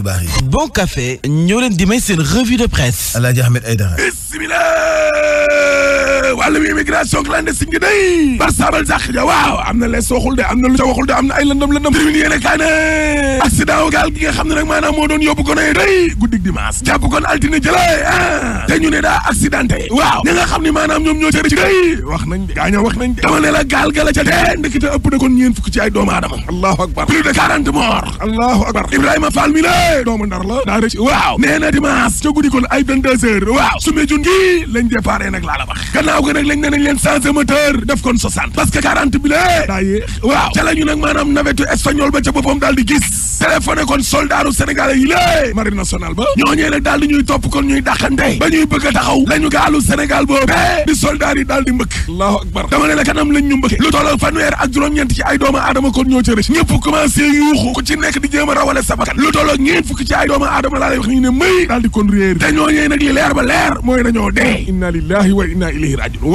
xibaar yi. bon café ñoo leen di revue de presse. El Hadj Ahmed Aïdara. bismillah. wàllum immigration clandestine gi day bar sabal jàq ja waaw am na lees waxul de am na lu ca waxul de am na ay lëndëm lëndëm termine yéene kaa ne accident wu gaal gi nga xam ne nag maanaam moo doon yóbbu gone yi day guddig dimanche jàpp kon altine jële ah te ñu ne daa accidenté waaw ñi nga xam ne maanaam ñoom ñoo cëri ci day wax nañ de gaaña la gaal ga la ca dee ëpp na kon ñeen fukk ci ay doomu aadama allahu akbar plus de quarante morts allahu tey nag laa a gaalu sénégal boobu di soldaar yi mbëkk allahu akbar dama ne kanam lañ ñu lu tolloo fanweer ak juróom-ñeent ci ay doomu aadama kon ñoo ca rëcc ñëpp yuuxu ku ci nekk di jéem a rawale sa lu tolloo ñeent fukki ci ay doomu aadama laa wax ñu may daal kon réer te ñooñee nag leer ba leer mooy dañoo dee innaahi wa innaa ilayhi raaji'uun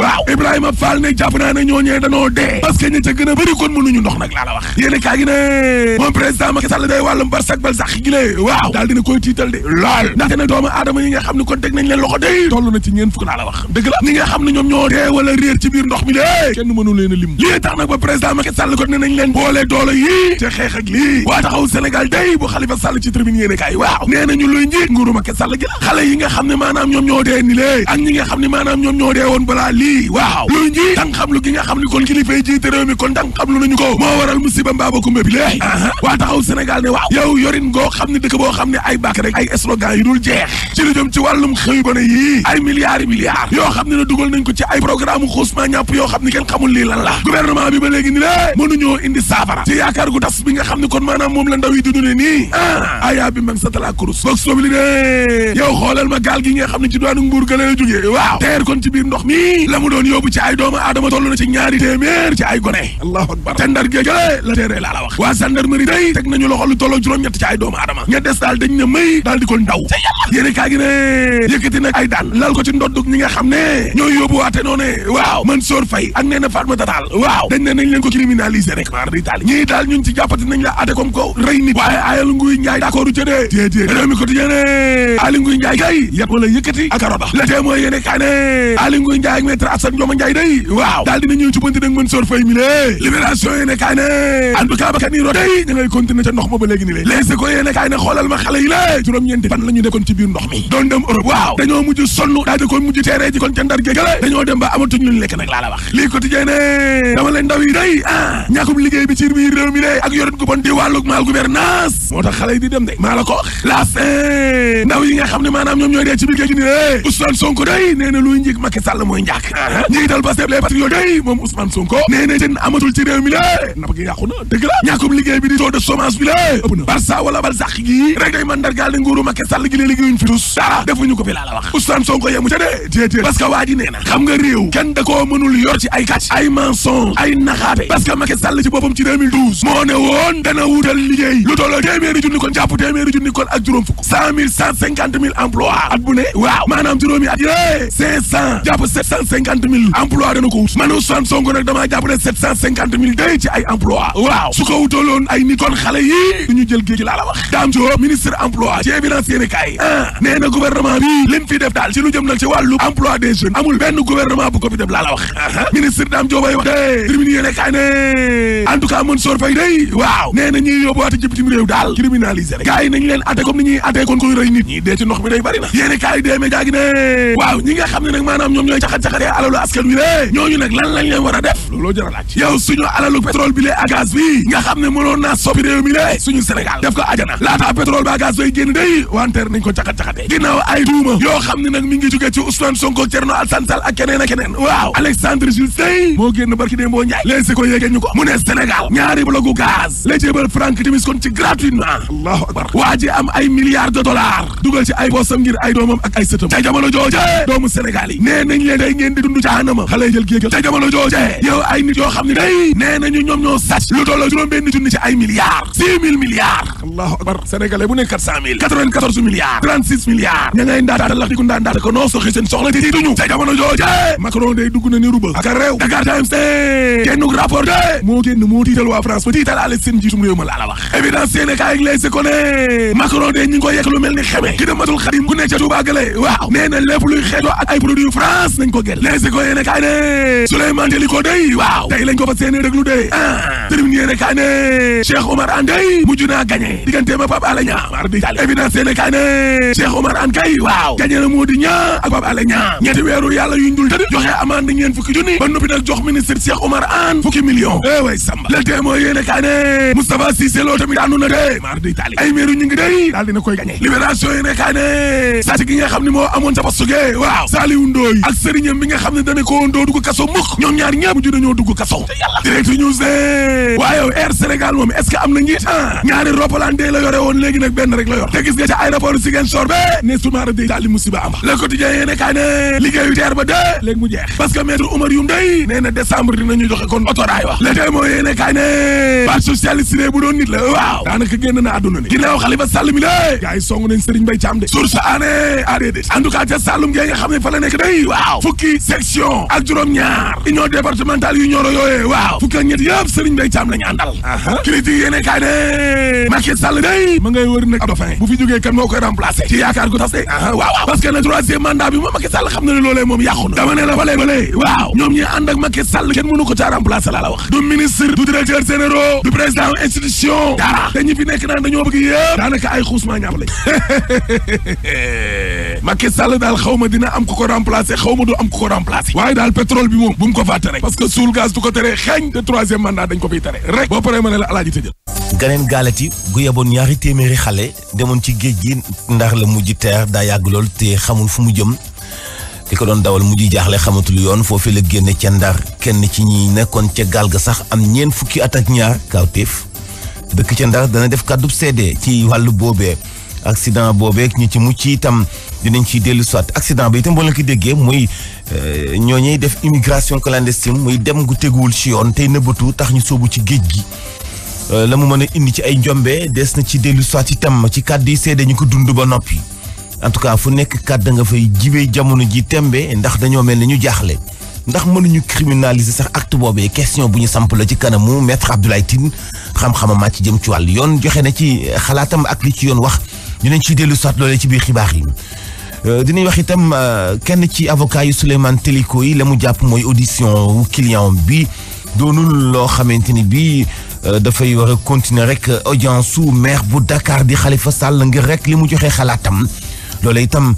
ne jàpp naa ne ñooñee danoo dee parce que ca gën a bëri kon mënuñu ndox nag laa la wax yéen kaa gi ne moom président Macky Sall day wàllum bar sak gi lée waaw daal dina koy tiital de lool ndaxte ne doomu aadama yi ñoom ñoo dee wala réer ci biir ndox mi lée kenn mënu leen a lim lii tax nag ba président Macky Sall kon ne nañ leen boolee doole yii te xeex ak lii waa taxaw Sénégal day bu Khalifa Sall ci tribune yéen kaay waaw nee maanaam ñoom ñoo dee woon balaa lii waaw lu ñi dang xam lu gi nga xam ni kon kilifay jiite kon dang xam lu nañu ko moo waral musiba mbaaba kumbe bi lée uh-huh. waa taxaw Sénégal ne waaw yorin goo xam ne dëkk boo xam ne ay bàkk rek ay slogan yi dul jeex ci lu jëm ci wàllum xëy gone ay milliards yi yoo xam la gouvernement bi ba léegi ni lée mënuñoo ne la ndaw yi di dunde nii ah ayaa bi mang kurus boog sobi li ne yow xoolal ma gaal gi xam ne ci doonu nguur gële la waaw kon ci biir ndox mi la mu doon yóbbu ci ay doomu aadama toll na ci ñaari téeméer ci ay gone allahu akbar te ndar géej la téere laa la wax waa gendarmerie day teg nañu loxo lu tolloo juróom-ñett ci ay doomu aadama ña des daal dañ ne may daal di ko ndaw ca yàlla yéene kaa gi ne yëkkati nag ay daan lal ko ci ndoddug ñi nga xam ne ñooy yóbbu waate noo ne waaw Mansour Faye ak nee na Fatma Tatal waaw dañ ne nañ leen ko criminaliser rek maar di taali ñii daal ñun ci jàppati nañ la ate comme ko rey nit waaye ayal a roba Aly Ngouille Ndiaye ak maître Assane day waaw daal dina ñëw ci banti nag Mansour Faye mi lée libération yéene kaay ne en tout day ña ngay ca ndox ma ba léegi ni lée Les Échos yéene kaay xoolal ma xale yi lée juróom-ñeenti fan la ñu nekkoon ci biir ndox mi doon dem Europe waaw dañoo mujj sonn daal di mujj teeree ji kon ca ndar géegale dañoo dem ba amatuñ luñ lekk nag laa wax ah lii ko wax ne maanaam ñoom ñooy day nee na luy njig Macky Sall mooy njaak ah. njiital Pastef les patriotes day moom Ousmane Sonko nee na jën amatul ci réew mi la napp gi yàqu na dëgg la ñàkkum liggéey bi di taux de chômage bi la ëpp na Barça gi rek day mandargaal di nguuru Macky Sall gi lee liggéeyuñ fi tus dara defuñu ko fi laa la wax Ousmane Sonko yemu ca dee déedéet parce que waa nga réew kenn da mënul yor ci ay kàcc ay mensonge ay naxaate parce que Sall ci boppam ci 2012 moo ne woon dana cent jàpp sept cent cinquante mille emploi dana ko wut man Ousmane Sonko nag damaa jàpp ne sept cent cinquante mille day ci ay emploi waaw su ko wutaloon ay nit kon xale yii duñu jël géej laa la wax daam joo ministre emploi ci évidence yéene ah nee na gouvernement bi leen fi def daal ci lu jëm nag ci wàllu emploi des jeunes amul benn gouvernement bu ko fi def laa la wax ah ministre daam joo wax de tribune yéene kaay leen atte comme ni ñuy atte kon koy rëy maanaam ñoom ñooy caxat-caxatee alalu askan wi ne ñooñu nag lan lañ leen war def looloo jëra laaj yow suñu alalu pétrole bi lee ak bi nga xam ne mënoon naa soppi réew mi ne suñu Sénégal def ko ajana laataa pétrole ba gaz bay génn day wanteer nañ ko caxat-caxatee ginnaaw ay duuma yoo xam ne nag mi ngi jógee ci Ousmane Sonko Thierno Alassane Sall ak keneen ak keneen waaw Alexandre Jules Sèye moo génn barki dee boo njaay léegi si ko yéegeen ñu ko mu Sénégal yi nee ñoom ñoo sàcc lu tolloo juróom benn junni ci ay milliards six allahu akbar sénégalais bu nekk quatre cent mille quatre-vingt-quatorze milliards trente-six milliards ndaata ko noo soxi seen ti ci duñu te jamono joojee Macron day dugg na ni ruba ak réew Dakar Times génnuk rapport moo génn moo tiital waa France ba tiital àla seen jiitum réew ma la wax évidence yéene kaay ngi lay si ko ñu ngi yekk lu mel ni xeme ki damatul xadim ku nekk ca buur yu France nañ ko gër léegi ko yéene kaay ne Souleymane Teliko day waaw tey lañ ko fa séenee déglu dee ah termine yéene kaay ne Cheikh Omar An day mujj naa gagné diggante ma Pape Alé Niang mar di dal évidence yéene kaay ne Cheikh Omar An kay waaw gagné na moo di ñaa ak Pape Alé Niang ñetti weeru yàlla yuñ dul tëdd joxe amande ngeen fukki junni ba noppi nag jox ministre Cheikh Omar An fukki million eh way Samba le tee mooy yéene kaay ne Moustapha daanu na dee mar meeru ñu ngi day daal dina Aliou Ndoye ak sëriñam bi nga xam ne dane ko doo dugg kaso mukk ñoom ñaar ñaar mujj dañoo dugg kaso direct news de waaye Air Sénégal moom est-ce am na njiit ah ñaari roppalaan dee la yore woon léegi nag benn rek la yor te gis nga ca aéroport Ziguinchor ne sumaara de daal musiba am le quotidien yéene kaa ne liggéeyu teer de léegi mu jeex parce que maître Oumar Youm day nee na décembre dinañu joxe kon otoraay le témoin yéene kaa ne parti socialiste de bu doon nit rëy waaw fukki section ak juróom-ñaar union départementale yu ñoro yooyee waaw fukki ak ñett yëpp Serigne Mbaye Thiam la ñu àndal critique yéene kaay ne Macky Sall day ma ngay wër nag ab dauphin bu fi jógee kan moo koy remplacer ci yaakaar gu tas de waaw waaw parce que na troisième mandat bi moom Macky Sall xam ko caa remplacer laa wax du ministre du directeur généraux du président institution dara dañu fi nekk naan dañoo bëgg yëpp daanaka ay xuusmaa ñaab lañ Macky Sall daal xaw ma remplacer xaw du am ku ko remplacer waaye daal pétrole bi moom bu mu ko fàtte rek parce que suul gaz du ko tere xeeñ te troisième mandat dañ ko fiy tere rek boo paree ma ne la alaaji tëjal ganeen gaalati gu yeboon ñaari téeméeri xale demoon ci géej gi ndax la mujj teer daa yàgg lool te xamul fu mu jëm ki ko doon dawal mujj jaaxle xamatul yoon foofu la génne ca ndar kenn ci ñi nekkoon ca gaal ga sax am ñeen fukki at ak ñaar kawtéef dëkk ca ndar dana def kàddu seede ci wàllu boobee accident boobeek ñi ci mucc itam dinañ ciy dellu soit accident bi itam boo leen ko déggee muy euh, ñoo ñooñuy def immigration clandestine muy dem gu teguwul ci yoon tey nëbbatu tax ñu sóobu ci géej gi. Euh, la mu mën a indi ci ay njombe des na ci dellu soit itam ci kàddu yi seede ñu ko dund ba noppi en tout cas fu nekk kàdda nga fay jibee jamono ji tembe ndax dañoo mel na ñu jaaxle. ndax mënuñu criminaliser sax acte boobee question bu ñu samp la ci kanamu maître Abdoulaye Tine xam-xamam màcc jëm ci wàll yoon joxe na ci xalaatam ak li ci yoon wax dinañ ci dellu soit loolee ci biir xibaar yi euh, dinañ wax itam euh, kenn ci avocat yu Souleymane Teliko yi la mu jàpp mooy audition wu client bi doonul loo xamante ni bii euh, dafay war a continuer rek audience su meex bu Dakar di Khalifa Sall ngir rek li mu joxe xalaatam loolee itam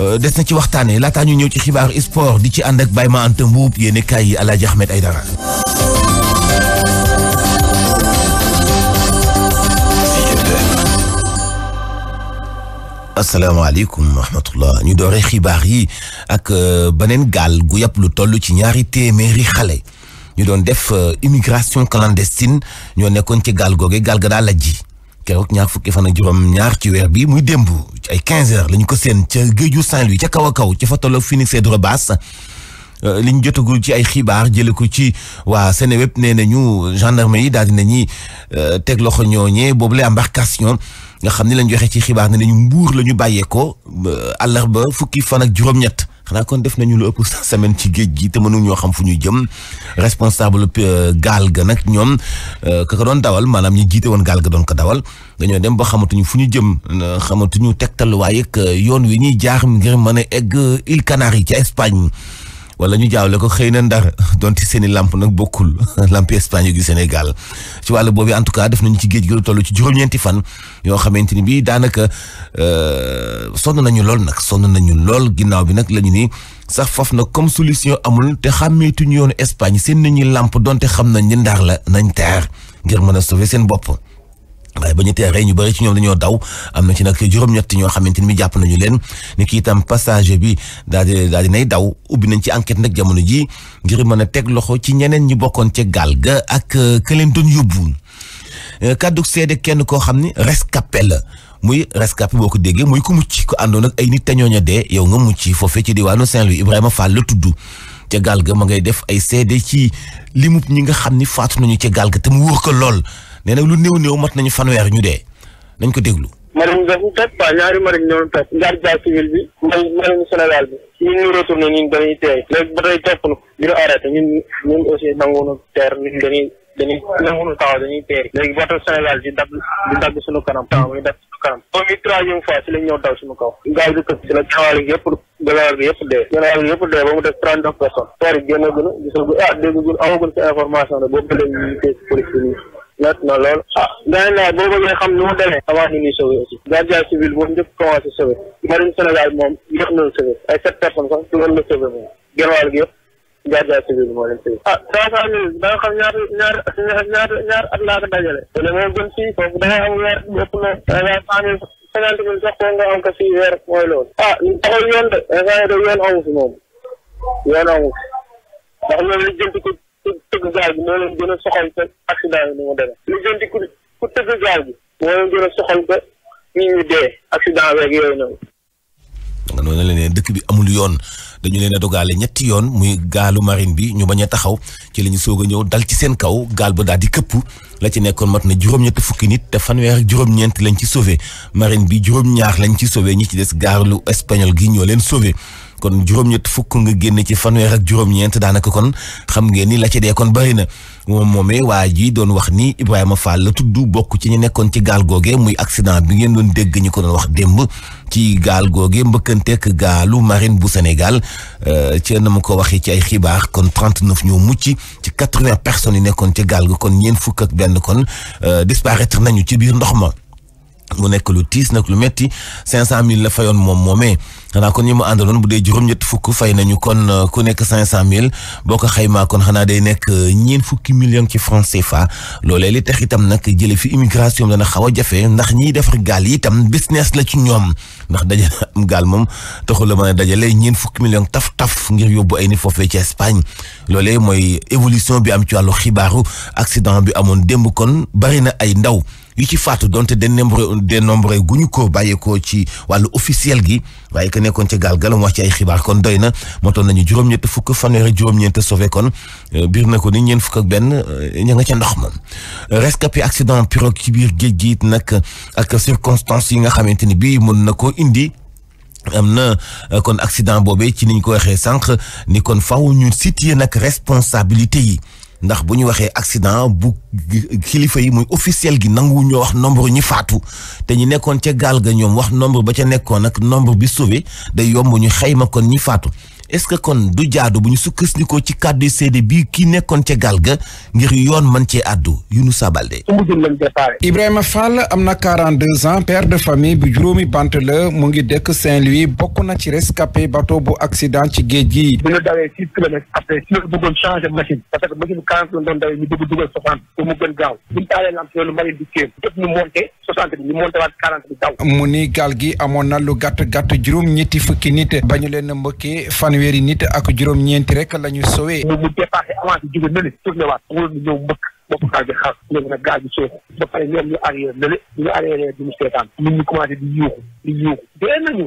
des na ci waxtaanee laataa ñu ñëw ci xibaar sport di ci ànd ak Baye Ma Anta Mbuub yéen kaay yi Alaaji Ahmed Aydara asalaamaaleykum wa rahmatullah ñu doore xibaar yi ak euh, beneen gaal gu yàpp lu toll ci ñaari téeméeri xale ñu doon def euh, immigration clandestine ñoo nekkoon ci gaal googe gaal ga daal la ji keroog ñaar fukki fan ak juróom ñaar ci weer bi muy démb ay 15 heures la ñu ko seen ca géeju Saint-Louis ca kaw a kaw ca fa tolloog Phoenix et Rebeuss li ñu jotagul ci ay xibaar jëlee ko ci waa Seneweb nee nañu gendarme yi daal dinañuy euh, teg loxo ñooñee boobu la embarcation. nga xam ni lañ joxe ci xibaar ne nañu mbuur la ñu bàyyeekoo euh, ba fukki fan ak juróom-ñett xanaa kon def nañu lu ëpp semaine ci géej gi te mënu ñoo xam fu ñuy jëm responsable euh, gaal ga nag ñoom euh, ka ko doon dawal maanaam ñi jiite woon gaal ga doon ko dawal dañoo dem ba xamatuñu fu ñu jëm xamatuñu teg tegtal waaye yoon wi ñuy jaar ngir mën a egg îles yi ci Espagne wala ñu jaawle ko xëy na ndar donte seeni làmp lamp nag bokkul lamp Espagne gi Sénégal ci wàllu boobu en tout cas def nañu ci géej gi lu toll ci juróom-ñeenti fan yoo xamante ni bii daanaka euh, sonn nañu lool nag sonn nañu lool ginnaaw bi nag lañu ni sax faf nag comme solution amul te xàmmeetuñu yoonu Espagne seen nañuy làmp donte xam nañ ni ndar la nañ teer ngir mën a sauver seen bopp. waaye ba ñu teeree ñu bëri ci ñoom dañoo daw am na ci nag juróom-ñett ñoo xamante ni jàpp nañu leen ni ki itam passager bi daal di nay daw ubbi nañ ci enquête nag jamono ji ngir mën a teg loxo ci ñeneen ñi bokkoon ca gaal ga ak euh, ka leen doon yóbbu euh, kàddu seede kenn koo xam ni rescapé la muy rescapé boo ko déggee muy ku mucc ku àndoon ak ay nit te ñooña dee yow nga mucc foofee ci diwaanu Saint-Louis Ibrahima Fall la tudd ca gaal ga ma ngay def ay seede ci limu ñi nga xam ni faatu nañu ca gaal ga te mu wóor ko lool. nee na lu néew néew mat nañu fanweer ñu dee nañ ko déglu. marine dafa toj quoi ñaari marine ñoo toj. garda civil bi. marine marine Sénégal bi. ñun ñu retourné na. ñu arrêté ñun na teer ñun dañuy dañuy léegi bato Sénégal di dab di dab suñu kanam. temps muy dab suñu kanam. moom it troisième fois si lañ ñëw daw suñu kaw. gaal bi këpp si la gawaal gi yëpp gawaal yëpp dee. a ah dégg nga amagul si information la boobu léegi ñu ngi téye si métti na lool ah gars yi boo bëggee xam nu mu demee avant ñu ñuy sauvé aussi gardien civil boobu njëkk commencé sauvé marine Sénégal moom yéex na sauvé ay sept personnes sax du ëllëg sauvé moom genn wàll gi yëpp gardien civil moo leen sauvé ah trois cent mille da nga xam ñaata ñaar ñaar ñaar at laa ko dajale te ne moo gën fii foofu da ngay am weer yëpp na da cent mille cinquante mille sax nga am ko fii weer mooy loolu ah taxul yoon de instant yi de yoon amu fi moom yoon amu fi ndax loolu li jënti ko tëgg gaal gi moo leen gën a soxal ko accident yi ni mu demee li gën di ku ku tëgg gaal gi moo leen gën a soxal nit ñi dee accident weeg yooyu noonu nga noonu la dëkk bi amul yoon dañu leen a dogaale ñetti yoon muy gaalu marine bi ñu bañ a taxaw ci lañu ñu soog a ñëw dal ci seen kaw gaal bu daal di këpp la ci nekkoon mat na juróom-ñetti fukki nit te fanweer ak juróom-ñeent lañ ci sove marine bi juróom-ñaar lañ ci sauvé ñi ci des gaalu espagnol gi ñoo leen sauvé kon juróom-ñett fukk nga génn ci fanweer ak juróom-ñeent daanaka kon xam ngeen ni la ci dee kon bëri na moom moomee waa ji doon wax ni Ibrahima faal la tudd bokk ci ñu nekkoon ci gaal googe muy accident bi ngeen doon dégg ñu ko doon wax démb ci gaal googe mbëkkanteek gaalu marine bu Sénégal euh, ci na ma ko waxee ci ay xibaar kon 39 ñoo mucc ci 80 personnes yi nekkoon ci gaal gi kon ñeent fukk ak benn kon euh, disparaître nañu ci biir ndox ma. mu nekk lu tiis nag lu metti cinq cent mille la fayoon moom moomee xanaa kon ñi mu àndaloon bu dee juróom-ñett fukk fay nañu kon euh, ku nekk cinq cent mille boo ko xaymaa kon xanaa day nekk euh, ñeen fukki million ci franc CFA loolee li tax itam nag jële fi immigration dana xaw a jafe ndax ñiy defar gaal yi itam la ci ñoom ndax dajale am gaal moom taxul la mën a dajale ñeen fukki million taf taf ngir yóbbu ay nit foofee ci Espagne loolee mooy évolution bi am ci wàllu xibaaru accident bi amoon démb kon bari na ay ndaw yu ci faatu donte dénombre dénombre guñu ko bàyyeekoo ci wàllu officiel gi waaye que nekkoon ci gaal galam wax ci ay xibaar kon doy na motoon nañu juróom-ñett fukk fanweeri juróom-ñeent sauvé kon euh, biir na ko ni ñeent fukk ak benn euh, ña nga ca ndox ma rescapé accident pirogue ci biir géej gi it nag ak circonstances yi nga xamante ni bii mën na koo indi. am na euh, kon accident boobee ci niñ ko waxee sànq ni kon faw ñu situer nag responsabilité yi ndax bu ñu waxee accident bu kilifa yi muy officiel gi nangu ñoo wax nombre ñi faatu te ñu nekkoon ca gaal ga ñoom wax nombre ba ca nekkoon ak nombre bi sauvé da yomb ñu xayma kon ñi faatu est-ce que kon du jaadu bu ñu sukkandikoo ci kàddu seede bii kii nekkoon ca gaal ga ngir yoon man ci àddu Younoussa Baldé Ibrahima Fall am na 42 ans père de famille bu juróomi bant la mu ngi dëkk Saint-Louis bokk na ci rescapé bateau bu accident ci géej gi. bi ñu dawee six kilomètres parce que mu gën gaaw mu ni gaal gi amoon na lu gàtt gàtt juróom ñetti fukki nit ba leen mbëkkee fan fanweeri nit ak juróom-ñeenti rek la ñu sowee. mu mu dépassé avancé jóge na le tourné waat wóor na ñëw mbëkk bopp gaal bi xaar léegi nag gaal bi sooxu ñu ñu arrière mu seetaan ñun ñu commencé di yuuxu di yuuxu dee nañu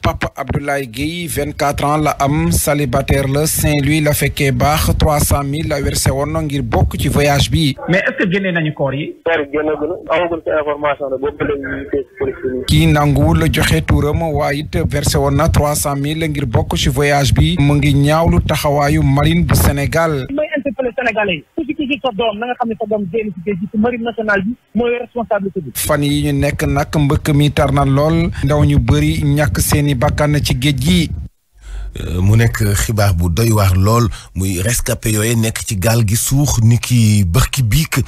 Papa Abdoulaye Guèye vingt quatre ans la am célibataire la Saint-Louis la fekkee baax trois cent mille la versé woon ngir bokk ci voyage bi. mais est-ce que génne nañu koor yi. kii nanguwul joxe tuuram waaye it versé woon na trois cent mille ngir bokk ci voyage bi mu ngi ñaawlu taxawaayu marine bu Sénégal. fan yi ñu nekk nag mbëkk mi tar na lool ndaw ñu bëri ñàkk seeni bakkan ci géej gi. Euh, mu nekk xibaar bu doy waar lool muy rescapé yooyu nekk ci gaal gi suux ni ki bërki biik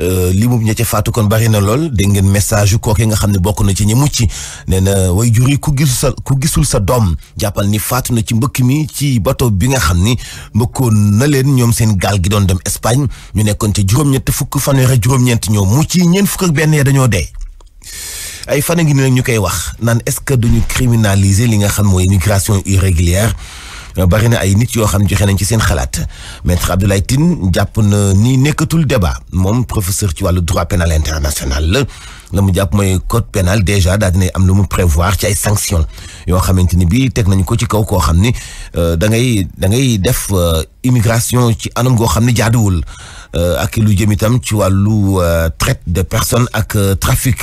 euh, li mu ña ca faatu kon bari na lool dégg ngeen message yu kooke nga xam ne bokk na ci ñi mucc nee na way juri ku gisul sa ku gisul sa doom jàppal ni faatu na ci mbëkk mi ci bato bi nga xam ni mbëkkoon na leen ñoom seen gaal gi doon dem Espagne ñu nekkoon ca juróom-ñett fukk fanweer ak juróom-ñeent ñoo mucc ñeent fukk ak benn ya dañoo dee. ay fan a ngi nii ñu koy wax naan est-ce que duñu criminaliser li nga xam mooy immigration irrégulière bari na ay nit yoo xam joxe nañ ci seen xalaat mais maître Abdoulaye Tine jàpp na ni nekkatul débat moom professeur ci wàllu droit pénal international la la mu jàpp mooy code pénal déjà daal am lu mu prévoir ci ay sanctions yoo xamante ni bii teg nañu ko ci kaw koo xam ni euh, da dangay da ngay def euh, immigration ci anam goo xam ne jaaduwul euh, ak lu jëm itam ci wàllu traite de personne ak trafic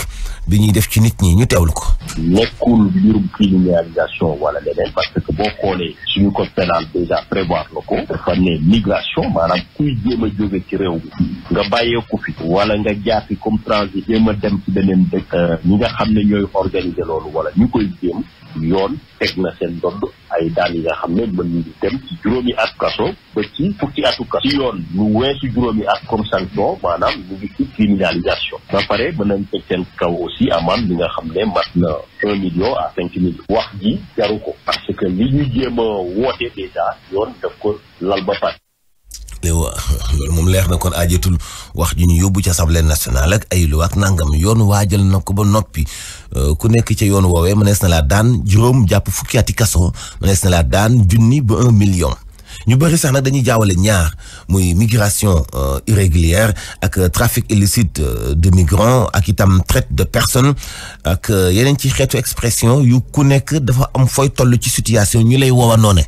bi ñuy def ci nit ñi ñu teewlu ko. nekkul mbirum criminalisation wala leneen parce que boo xoolee ñu code pénal déjà prévoir na ko dafa ne migration maanaam kuy jéem a jóge ci réew bi nga bàyyeeku fi wala nga jaar fi comme transit a dem ci dëkk euh, ñi nga xam ne ñooy organiser loolu wala ñu koy jéem yoon teg na seen ndodd ay daan yi nga xam ne mën ñu dem ci juróomi at kaso ba ci fukki atu kaso ci yoon lu weesu juróomi at comme sanction maanaam ñu ngi ci criminalisation ba pare mën nañ teg seen kaw aussi si amende bi nga xam ne mat na un million à wax ji jaru ko parce que li ñu jéem woote déjà yoon daf ko lal ba pat eh loolu moom leer na kon aajatul wax ji ñu yóbbu ci assemblée nationale rek ay luwaak nangam yoon waajal na ko ba noppi euh, ku nekk ca yoon woowee ma mënees na laa daan juróom jàpp fukki ati ma mënees na laa daan junni ba un million ñu bëri sax nag dañuy jaawale ñaar muy migration euh, irrégulière ak euh, trafic illicite euh, de migrants ak itam traite de personnes ak yeneen ci xeetu expression yu ku nekk dafa am fooy toll ci situation ñu lay woowa ne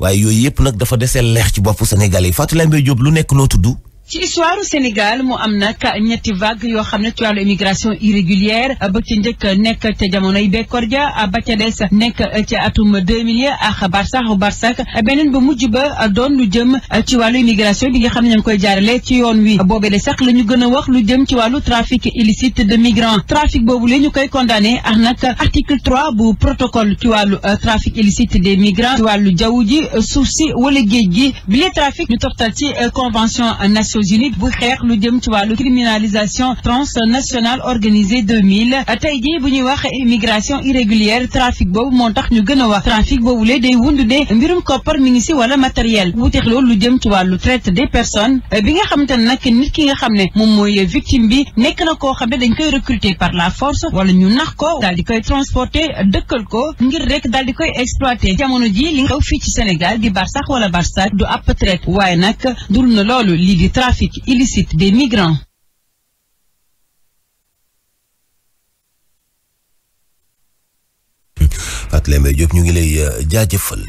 waaye yooyu yëpp nag dafa desee leex ci bopp Sénégal yi Fatou Lambe Diop lu nekk noo tudd ci histoire Sénégal mu am nag ñetti vague yoo xam ne ci wàllu immigration irrégulière ba ci njëkk nekk ca jamonoy bekkoor ja ba ca des nekk ci atum 2000 ak barsax barsak beneen ba mujj ba doon lu jëm ci wàllu immigration bi nga xam ne ña ngi koy jaarale ci yoon wi boobee de sax la ñu gën a wax lu jëm ci wàllu trafic illicite de migrants trafic boobu la ñu koy condamné ak nag article 3 bu protocole ci wàllu euh, trafic illicite des migrants ci wàllu jaww ji suuf si wala géej gi ñu toftal ci euh, convention nationale Nations Unies bu xeex lu jëm ci wàllu criminalisation transnationale organisée 2000 tey jii bu ñuy wax immigration irrégulière trafic boobu moo tax ñu gën a wax trafic boobu le day wundu de mbirum koppar mi ngi si wala matériel wuteex loolu lu jëm ci wàllu traite des personnes bi nga xam te ne nag nit ki nga xam ne moom mooy victime bi nekk na koo xam ne dañ koy recruter par la force wala ñu nax ko daal di koy transporter dëkkal ko ngir rek daal di koy exploiter jamono ji li fii ci Sénégal di Barsax wala Barsax du ab traite waaye trafic illicite des migrants. Fatou ñu ngi lay euh, jaajëfal.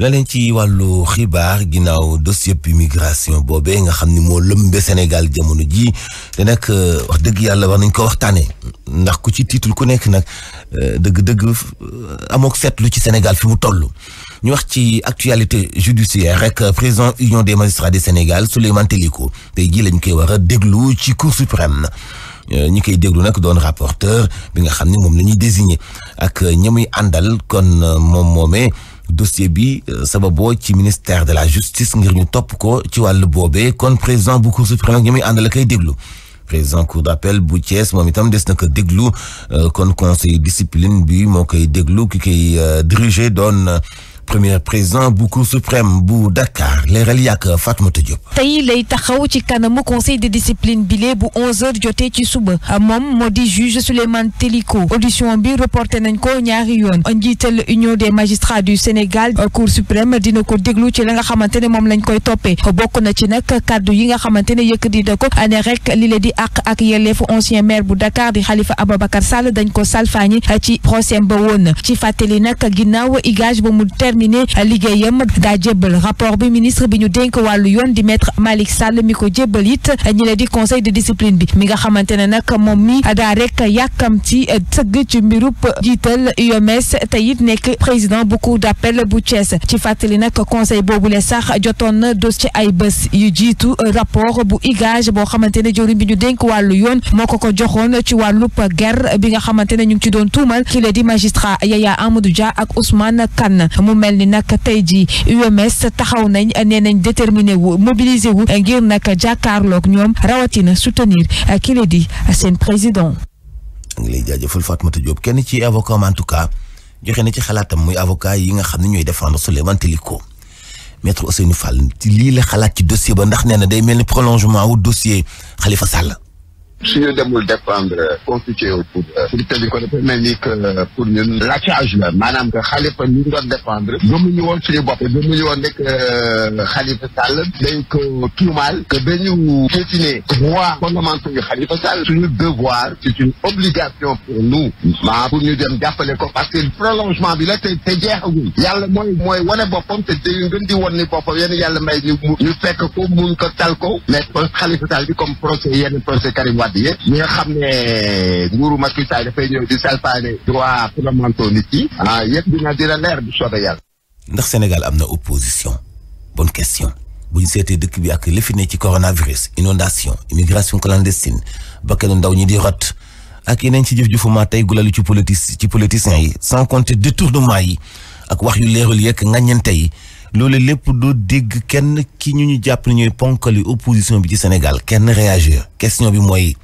leneen ci wàllu xibaar ginnaaw dossier bi migration boobee nga xam ni moo lëmbe senegal jamono jii te nag euh, wax dëgg yàlla war nañ ko waxtaanee ndax ku ci tiitul ku nekk nag euh, dëgg-dëgg amook seetlu ci senegal fi mu toll. ñu wax ci actualité judiciaire rek euh, président union des magistrats du Sénégal Souleymane Téliko tey jii lañu koy war a déglu ci cour suprême euh, ñu koy déglu nag doon rapporteur bi nga xam ne moom la ñuy désigné ak euh, ñi muy àndal kon moom moomee dossier bi sababoo ci ministère de la justice ngir ñu topp ko ci wàllu boobe kon président bu cour suprême ak ñi muy àndal koy déglu président cour d'appel bu Thiès moom itam des na ko déglu kon conseil discipline bi moo koy déglu ki koy diriger doon premier président bu cour suprême bu Dakar leeral yàq Fatmata Diop. tey lay taxaw ci kanamu conseil de discipline bile bu 11h jotee ci suba moom moo di juge Souleymane Teliko audition bi reporté nañ ko ñaari yoon njiital union des magistrats du Sénégal cour suprême dina ko déglu ci la nga xamante ne moom lañ koy toppee bokk na ci nag kàddu yi nga xamante ne yëkkati na ko ne rek li la di àq ak yelleefu ancien maire bu Dakar di Khalifa Ababacar Sall dañ ko salfaañi ci procès ba woon ci fàttali nag ginnaaw igage terminé liggéeyam daa jébbal rapport bi ministre bi ñu dénk wàllu yoon di maître Malick Sall mi ko jébbal it ñi le di conseil de discipline bi mi nga xamante ne nag moom mi daa rek yàkkam ci ci mbirub jiital UMS te it nekk président bu cour d'appel bu Thiès ci fàttali nag conseil boobu le sax jotoon na dos ci ay bés yu jiitu rapport bu igage boo xamante ne jëriñ bi ñu dénk wàllu yoon moo ko ko joxoon ci wàllub guerre bi nga xamante ne ñu ngi ci doon mel ni nag tey ji s taxaw nañ nee nañ déterminé wu mobilisé wu ngir nag jàkkaarloog ñoom rawatina soutenir kile di seen président. ngi lay jaajëfal Fatmata Diop kenn ci avocat en joxe na ci xalaatam muy avocat yi nga xam ne ñooy défendre Souleymane Téliko maître Ousseynou Fall lii la xalaat ci dossier ba ndax nee na day mel ni prolongement wu dossier xalifa Sall. su ñu demul dépendre constitué wu pour euh, pour tëli ko dafa mel ni que euh, pour ñun laccage la maanaam que xalifa ñu ngi doon dépendre gëmuñu woon suñu bopp gëmuñu woon nekk euh, xalifa Sall dañ ko tuumaal que dañu piétiner droit fondamental yu xalifa Sall suñu devoir c'est une obligation pour nous maa pour ñu dem jàppale ko parce que prolongement bi la te te jeexagul yàlla mooy mooy wane boppam te dañu gën di wan ni boppam yenn yàlla may ñu ñu fekk ko mun ko tal ko mais xalifa Sall bi comme procès yenn procès Karim Wade bi ñi nga xam ne nguuru Macky Sall dafay ñëw di salfaane droit fondamental nit yi ah dina dina leer bu soobee yàlla. ndax Sénégal am na opposition bonne question bu seetee dëkk bi ak li fi ne ci coronavirus inondation immigration clandestine bakkanu ndaw ñi di rot ak yeneen ci jëf-jëfumaa tey gulalu ci politis ci politiciens yi sans compter détournement yi ak wax yu leerul yeeg ngaññante yi loole lépp doo dégg kenn ki ñu ñu jàpp ne ñooy ponkali opposition bi ci Sénégal kenn réagir question bi mooy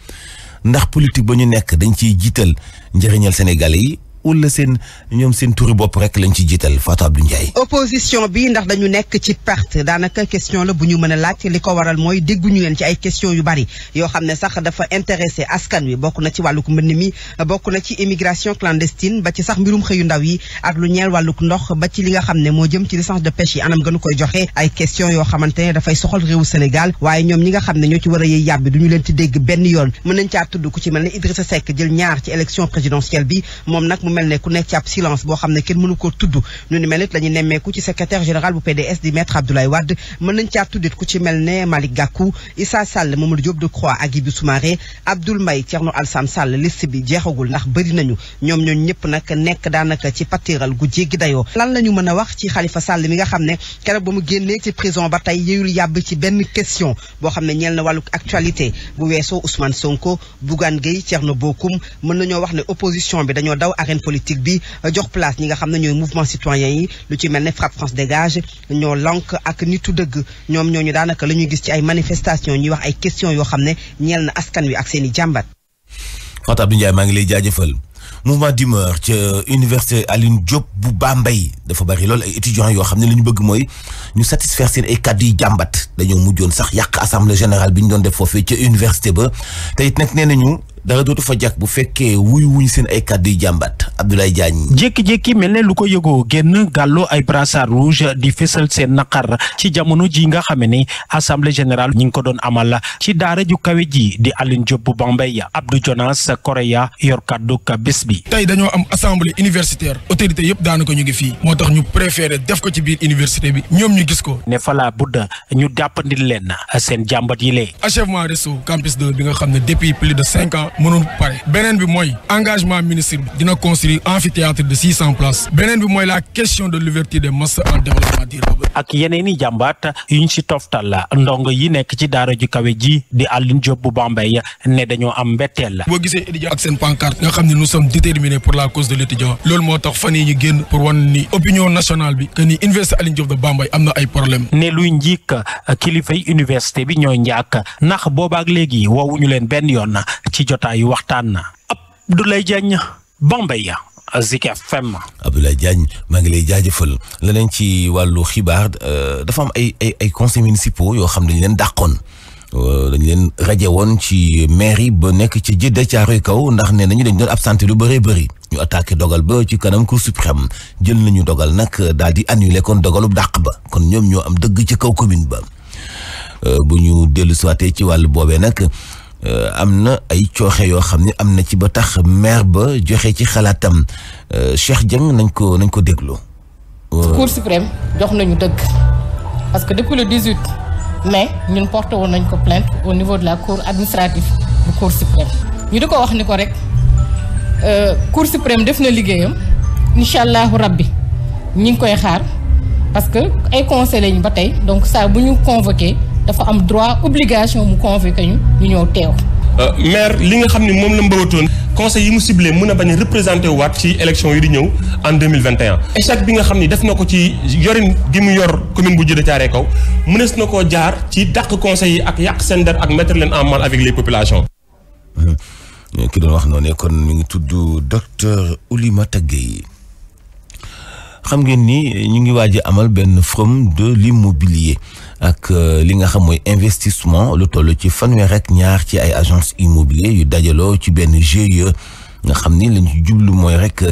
ndax politique ba ñu nekk dañ ciy jiital njëriñal Sénégalais yi wala seen ñoom seen turi bopp rek lañ ci jiital Fatou Abdou Ndiaye. opposition bi ndax dañu nekk ci perte daanaka question la bu ñu mën a laaj li ko waral mooy dégguñu leen ci ay question yu bari yoo xam ne sax dafa intéressé askan wi bokk na ci wàllug mbënn mi bokk na ci immigration clandestine ba ci sax mbirum xëyu ndaw yi ak lu ñeel wàllug ndox ba ci li nga xam ne moo jëm ci licence de pêche yi anam gënu joxe ay question yoo xamante ne dafay soxal réewu Sénégal waaye ñoom ñi nga xam ne ñoo ci war a yëy yàbbi duñu leen ci dégg benn yoon mën nañ caa tudd ku ci mel ne Idrissa Seck jël ñaar ci élection présidentielle bi moom nag mu mel ne ku nekk ci ab silence boo xam ne kenn mënu ko tudd ñu ni mel nit la ñu nemmeeku ci secrétaire général bu PDS di maître Abdoulaye Wade mën nañ caa tuddit ku ci mel ne Malick Gakou Issa Sall Mamadou Diop Decroix ak Hadjibou Soumaré Abdoul Mbaye Thierno Alassane Sall liste bi jeexagul ndax bëri nañu ñoom ñooñu ñëpp nag nekk daanaka ci pattiral gu jéggi dayoo lan la mën a wax ci Khalifa Sall mi nga xam ne keroog ba mu génnee ci prison ba tey yeyul yàbb ci benn arène politique bi euh, jox place ñi nga xam ne ñooy mouvement citoyen yi lu ci mel ne frappe France dégage ñoo lank ak nitu dëgg ñoom ñoo ñu daanaka la ñuy gis ci ay manifestation ñuy wax ay question yoo xam ne ñeel na askan wi ak seen i jàmbat Fatou du Ndiaye maa ngi lay jaajëfal mouvement d'humeur ca université aline Diop bu mbay dafa bari lool ay étudiants yoo xam ne li ñu bëgg mooy ñu satisfaire seen ay kàddu yi jàmbat dañoo mujjoon sax yàq assemblée générale bi ñu doon def foofee ca université ba te it nag nee nañu dara dootu fa jàkk bu fekkee wuy wuñ seen ay kàddu yu jàmbat Abdoulaye Diagne. jékki-jékki mel ne lu ko yëgoo génn gàllu ay brassard rouge di fésal seen naqar ci jamono ji nga xam ne assemblée générale ñi ngi ko doon amal ci daara ju kawe ji di Alioune Diop bu Bambey Abdou Jonas Korea yor kàddu ka bés bi. tey dañoo am assemblée universitaire autorité yëpp daanaka ñu ngi fii moo tax ñu préféré def ko ci biir université bi ñoom ñu gis ko. ne fa laa budd ñu jàppandil leen seen jàmbat yi lee. achèvement réseau campus 2 bi nga xam ne depuis plus de cinq mënul pare beneen bi mooy engagement ministre bi dina construire amphithéâtre de six cent places beneen bi mooy la question de l'ouverture des masters en développement durable ak yeneen i jàmbaat yuñ si toftal ndongo yi nekk ci daara ju kawe ji di Aline Diop bu Bambey ne dañoo am mbetteel boo gisee étudiant ak seen pancarte nga xam ne nous sommes déterminés pour la cause de l'étudiant loolu moo tax fan yi ñu génn pour wan ni opinion nationale bi que ni université Aline Diop de Bambey kilifay université bi ñooy njaak ndax boobaak léegi woowuñu leen benn yoon ci jotaay jotaay waxtaan na Abdoulaye Diagne Bambey Zik FM. Abdoulaye Diagne maa ngi lay jaajëfal leneen ci wàllu xibaar euh, dafa am ay ay ay conseils municipaux yoo xam dañu leen dàqoon euh, dañu leen rajo woon ci mairie ba nekk ci Jidda Caaroy kaw ndax ne nañu dañ doon absenté lu baree bari ñu attaqué dogal ba ci kanam cour suprême jël nañu dogal nag daal di annulé kon dogalu dàq ba kon ñoom ñoo am dëgg ci kaw commune ba euh, bu ñu dellu siwaatee ci wàllu boobee nag. Euh, am na ay cooxe yoo xam ne am na ci ba tax maire ba joxe ci xalaatam euh, Cheikh Dieng nañ ko nañ ko déglu. Euh, cour suprême jox nañu dëgg parce que depuis le 18 mai ñun porté woon nañ ko plainte au niveau de la cour administrative bu Cour suprême ñu di ko wax ni ko rek Cour suprême def na liggéeyam incha allahu rabbi ñi ngi koy xaar parce que ay conseil lañ ba tey donc saa bu ñu convoqué. dafa am droit obligation mu convoqué ñu ñu ñëw teew. Euh, maire li nga xam ne moom la mbëwatoon conseil yi mu ciblé mun a bañ a représenté waat ci élection yi di ñëw en deux mille vingt et un échec bi nga xam ni def na ko ci yorin gi mu yor commune bu Djeddah Thiaroye Kaw mënees na koo jaar ci dàq conseil yi ak yàq seen der ak mettre leen en mal avec les populations. Euh, ki doon wax noonu kon mi ngi tudd docteur Oulimata Gueye xam ngeen ni ñu ngi waaj amal benn forum de l'immobilier li nga xam mooy investissement lu toll ci fanweer ak ñaar ci ay agence immobilier yu dajaloo ci benn GIE nga xam ni lañ ci jublu mooy rek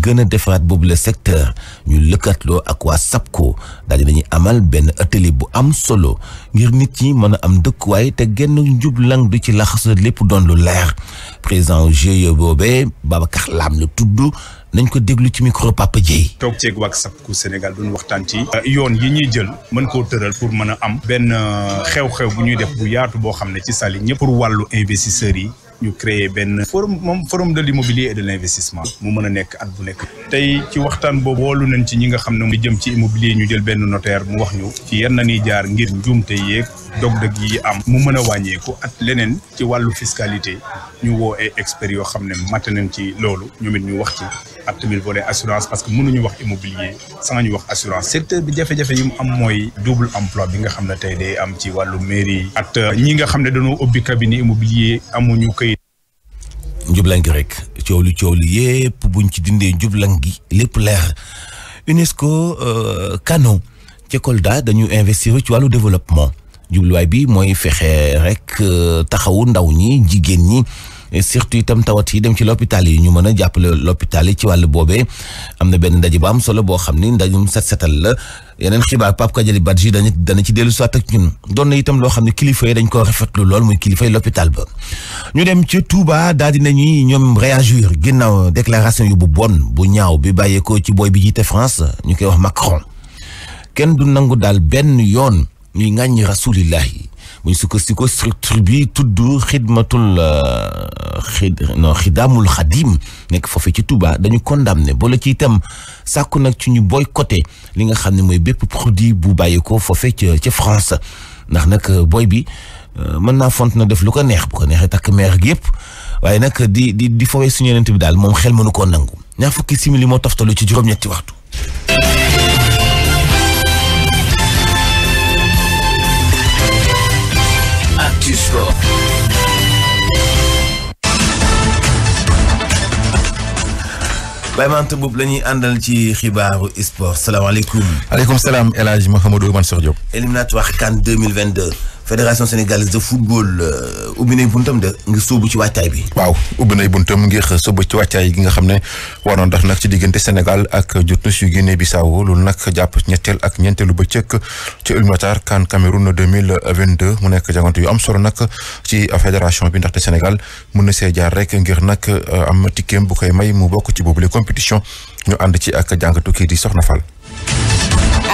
gën a defaraat boobu le secteur ñu lëkkatloo ak waa SAPCO daal di nañu amal benn atelier bu am solo ngir nit ñi mën a am dëkkuwaay te genn njublang du ci laxas lépp doon lu leer président GIE boobee Babacar Lam la tudd nañ ko déglu ci micro Papa Dieye. toog ceeg WhatsApp ku Sénégal doon waxtaan ci euh, yoon yi ñuy jël mën koo tëral pour mën a am benn euh, xew-xew bu ñuy def bu yaatu boo xam ne ci sali ñëpp pour wàllu investisseurs yi ñu créer benn forum moom forum de l'immobilier et de l'investissement mu mën a nekk at bu nekk tey ci waxtaan boobu woolu nañ ci ñi nga xam ne mu jëm ci immobilier ñu jël benn notaire mu wax ñu ci yan na ñuy jaar ngir njuumte yeeg dog-dog yi am mu mën a wàññeeku at leneen ci wàllu fiscalité ñu woo ay experts yoo xam ne matt nañ ci loolu ñoom ñu wax ci ak tamit volet assurance parce que mënuñu wax immobilier sans ñu wax assurance secteur bi jafe-jafe yi mu am mooy double emploi bi nga xam ne tey am ci wàllu mairie at ñi nga xam ne dañoo ubbi cabinet immobilier amuñu këy njublangi rek coow li coow li yépp buñ ci dindee njublang gi lépp leer UNESCO euh, Kano ca Kolda dañu investir ci wàllu développement jubluwaay bi mooy fexee rek euh, taxawu ndaw ñi jigéen ñi surtout itam tawat yi dem ci l'hôpital yi ñu mën a jàppale l'hôpital yi ci wàllu boobee am na benn ndaje bu am solo boo xam ni ndajum set setal la yeneen xibaar Pape Kadiali Badji dañu dana ci dellu soit ak ñun doon na itam loo xam ne kilifa yi dañ ko rafetlu lool muy kilifa yi l'hôpital ba ñu dem ci Touba daal di nañuy ñoom réagir ginnaaw déclaration yu bu bon bu ñaaw bi bàyyeekoo ci booy bi jiite France ñu koy wax Macron kenn du nangu daal benn yoon ñuy ŋàññi rasulillahi mu bu ñu sukkandikoo structure bi tudd xidmatul xid euh, non xidaamul xadim nekk foofee ci Touba dañu condamné boole ci itam sàkku nag ci ñu boycotté li nga xam ne mooy bépp produit bu bàyyeekoo foofee ca ca France ndax nag euh, boy bi euh, mën naa font na def lu ko neex bu ko neexee takk meer gi yëpp waaye nag di di di fowee suñu yeneen bi daal moom xel mënu koo nangu ñaar fukki simili moo toftalu ci juróom-ñetti waxtu. México. Baye Mante Mboup la ñuy àndal ci xibaaru sport salaamaaleykum. aleykum salaam El Hadj Mouhamadou Mansour Diop. éliminatoire CAN 2022. fédération sénégalaise de football euh, ubbi nay buntam de ngir sóobu ci wàccaay bi. waaw ubbi nay buntam ngir sóobu ci wàccaay gi nga xam ne waroon dox nag ci diggante Sénégal ak Jotnos yu Guinée Bissau loolu nag jàpp ñetteel ak ñeenteelu bëccëg ci éliminatoire CAN Cameroun deux mille vingt deux mu nekk jàngante yu am solo nag ci fédération bi ndax ndaxte Sénégal mun na see jaar rek ngir nag euh, am tikkeem bu koy may mu bokk ci le compétition ñu ànd ci ak jàngatu kii di Soxna Fall.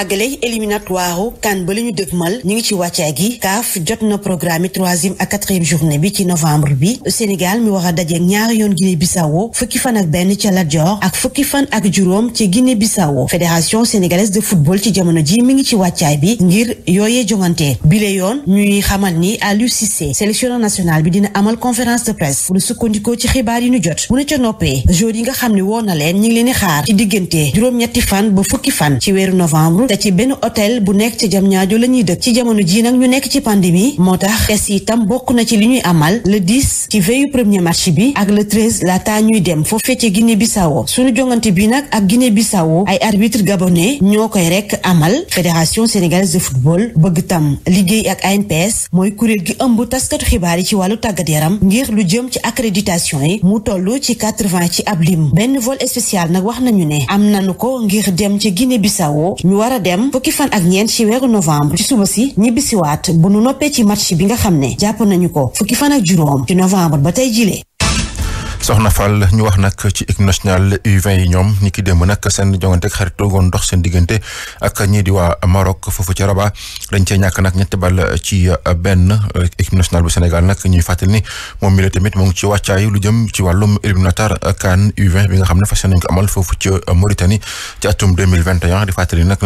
àggale éliminatoire kan ba li ñu dëgmal ñu ngi ci wàccaay gi CAF jot na programme yi a ak quatrième journée bi ci novembre bi Sénégal mi wax a daje ñaari yoon Guinée Bissau fukki fan ak benn ca Lat Dior ak fukki fan ak juróom ci Guinée Bissau fédération sénégalaise de football ci jamono ji mi ngi ci wàccaay bi ngir yooyee jongante bile yoon ñuy xamal ni Aliou Cissé sélectionneur national bi dina amal conférence de presse bu sukkandikoo ci xibaar yi ñu jot bu ne noppee yi nga xam ne woo na leen ñu ngi leen di xaar ci diggante juróom-ñetti fan ba fukki fan ci weeru novembre te ci benn hôtel bu nekk ci Diamniadio la ñuy dëkk ci jamono ji nag ñu nekk ci pandémie moo tax test yi tam bokk na ci li ñuy amal le 10 ci veillu premier match bi ak le 13 laataa ñuy dem foofee ci Guinée Bissau suñu jongante bi nag ak Guinée Bissau ay arbitre gabonais ñoo koy rek amal fédération sénégalaise de football bëgg tam liggéey ak ANPS mooy kuréel gi ëmb taskatu xibaar yi ci wàllu tàggat yaram ngir lu jëm ci accréditation yi mu toll ci 80 ci ab lim benn vol spécial nag wax nañu ne am nañu ko ngir dem ci Guinée Bissau ñu war dem fukki fan ak ñeent ci weeru novembre ci suba si ñibbisiwaat bu nu noppee ci match bi nga xam ne jàpp nañu ko fukki fan ak juróom ci novembre ba tey jile soxna Fall ñu wax nag ci équipe nationale U20 yi ñoom ni ki démb nag seen jongante ak xarit doon dox seen diggante ak ñii di waa Maroc foofu ci Rabat dañ cee ñàkk nag ñetti bal ci euh, benn euh, équipe nationale bu Sénégal nag ñuy fàttali ni moom mi la tamit mu ngi ci yi lu jëm ci wàllum éliminatoire CAN U20 bi nga xam ne fa fas nañ ko amal foofu ci euh, Mauritanie ci atum 2021 di fàttali nag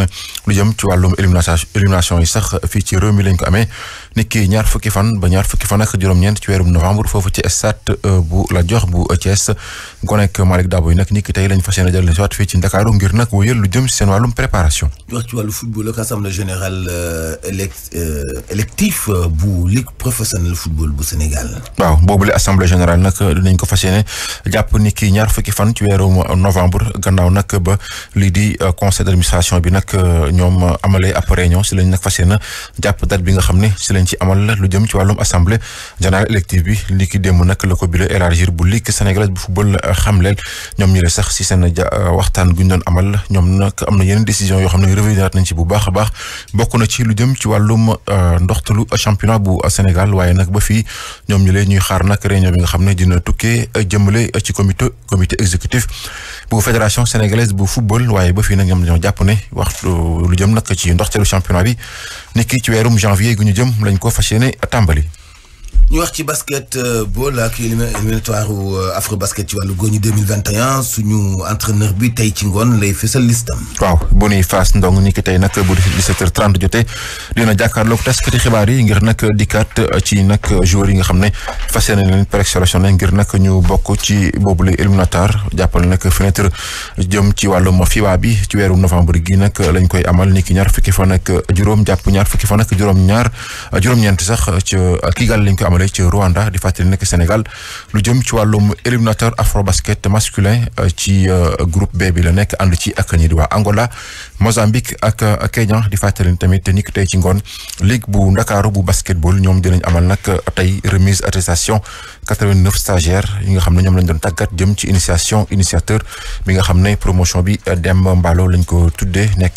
lu jëm ci wàllum élimination élimination yi sax fii ci réew mi lañ ko amee niki ñaar fukki fan ba ñaar fukki fan ak juróom-ñeent ci weerum novembre foofu ci stade euh, bu la jox bu Thiès gonek Malick Dabo yi nag niki tey lañ fas yéene jël leen si waat fii ci Ndakaaru ngir nag wóyal lu jëm seen wàllum préparation. wax ci wàllu football ak assemblée générale euh, élect euh, électif bu ligue professionnelle football bu Sénégal. waaw boobu la assemblée générale nag dinañ ko fas yéene jàpp niki ñaar fukki fan ci weerum novembre gannaaw nag ba lii di conseil d'administration bi nag ñoom amalee ab si lañ nag fas yéene jàpp date bi nga xam ne si lañ dinañ ci amal lu jëm ci wàllum assemblée générale élective bi li ki démb nag la ko bile élargir bu ligue sénégalaise bu football xamleel ñoom ñu ne sax si seen euh, waxtaan guñ doon amal ñoom nag am na yenn décision yoo xam ne revenir nañ ci bu baax a baax bokk na ci lu jëm ci wàllum euh, ndoxtalu championnat bu Sénégal waaye nag ba fii ñoom ñu leen ñuy xaar nag réunion bi nga xam ne dina tukkee euh, jëmale ci comité comité exécutif bu fédération sénégalaise bu football waaye ba fii nag ñoom ñoo jàpp ne waxtu lu jëm nag ci ndoxtalu championnat bi nekki ci weerum janvier gu ñu jëm lañ ko fas yéene tàmbali. ñu wax ci basket bool ak éliminatoire euh, afro basket ci wàllu góor ñi 2021 suñu entraîneur bi tey ci ngoon lay fësal listam. waaw Boniface Ndong ni ki tey nag bu 17h30 jotee dina jàkkaarloog taskati xibaar yi ngir nag dikkaat euh, ci nag joueurs yi nga xam ne fas yéene leen présélectionné ngir nag ñu bokk ci boobu la éliminatoire jàppale nag fenêtre jëm ci wàllum FIBA bi ci weeru novembre gi nag lañ koy amal ni ñaar fukki fan nak juróom jàpp ñaar fukki fan ak juróom juróom-ñeent sax ci euh, Kigali lañ ko ko amale ci Rwanda di fàttali nekk Sénégal lu jëm ci wàllum éliminateur afrobasket masculin euh, ci euh, groupe B bi la nekk ànd ci ak ñi di waa Angola Mozambique ak euh, Kenya di fàttali tamit ni tey ci ngoon ligue bu ndakaaru bu basketball ñoom dinañ amal nag tey remise attestation 89 stagiaires yi nga xam ne ñoom lañ doon tàggat jëm ci initiation initiateur bi nga xam ne promotion bi dem mbalo lañ ko tuddee nekk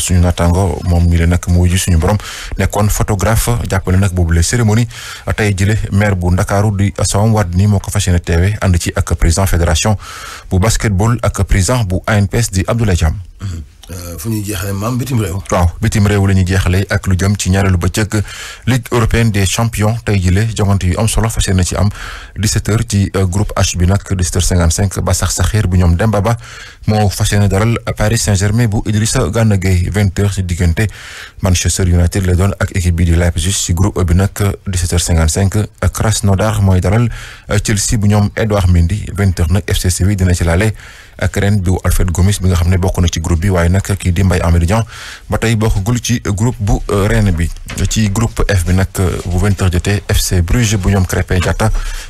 suñu naataango moom mi la nag mu wuyu suñu borom nekkoon photographe jàppale nag boobu la cérémonie tey tey jële maire bu Ndakaaru di Assome Wardini moo ko fas yéene teewe ànd ci ak président fédération bu basketball ak président bu ANPS di Abdoulaye Thiam Euh, fu ñuy jeexalee maam bitim réew. waaw bitim réew la ñuy jeexalee ak lu jëm ci ñaareelu bëccëg ligue européenne des champions tey jile jongante yu am solo fas na ci am 17h ci euh, groupe H bi nag 17h55 ba sax saxeer bu ñoom Demba Ba moo fas yéene dalal Paris Saint-Germain bu Idrissa ci diggante Manchester United la doon ak équipe bi di Leipzig ci groupe bi nag 17h55 Krasnodar mooy dalal euh, Chelsea bu ñoom Edouard Mendy 20h nag dina ci laale ak ren bu Alfred Gomis bi nga xam ne bokk na ci groupe bi waaye nag kii di Mbaye Hamidou Dieng ba tey bokkagul ci groupe bu euh, Rennes bi ci groupe F bi nag euh, bu vingt heures jotee FC Bruges bu ñoom Krépin Diatta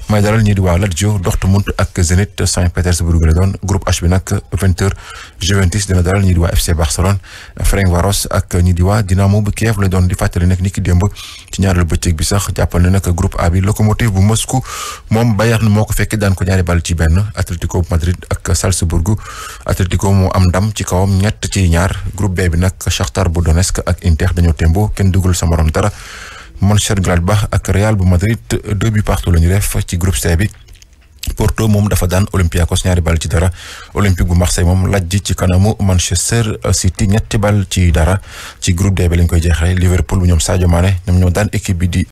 may dalal ñii di waa Lazio Dortmund ak Zenit Saint-Pétersbourg la doon groupe H bi nag vingt Juventus dina dalal ñii di waa FC Barcelone Ferencváros ak ñii di waa Dinamo bu Kiev la doon di fàttali nag ni démb ci ñaareelu bëccëg bi sax jàppal na nag groupe A bi Lokomotiv bu Moscou moom Bayern moo ko fekk daan ko ñaari bal ci benn Atlético ci ñaar groupe B bi nag bu Donetsk ak Inter dañoo tembo kenn dugul sa dara Manchester Gladbach ak Real bu Madrid deux buts partout la ñu def ci groupe C bi. Porto moom dafa daan Olympiakos ñaari bal ci dara Olympique bu Marseille moom lajj ci kanamu Manchester City ñetti bal ci dara ci groupe D bi lañ koy jeexee Liverpool bu ñoom Sadio Mané ñoom ñoo daan équipe bi di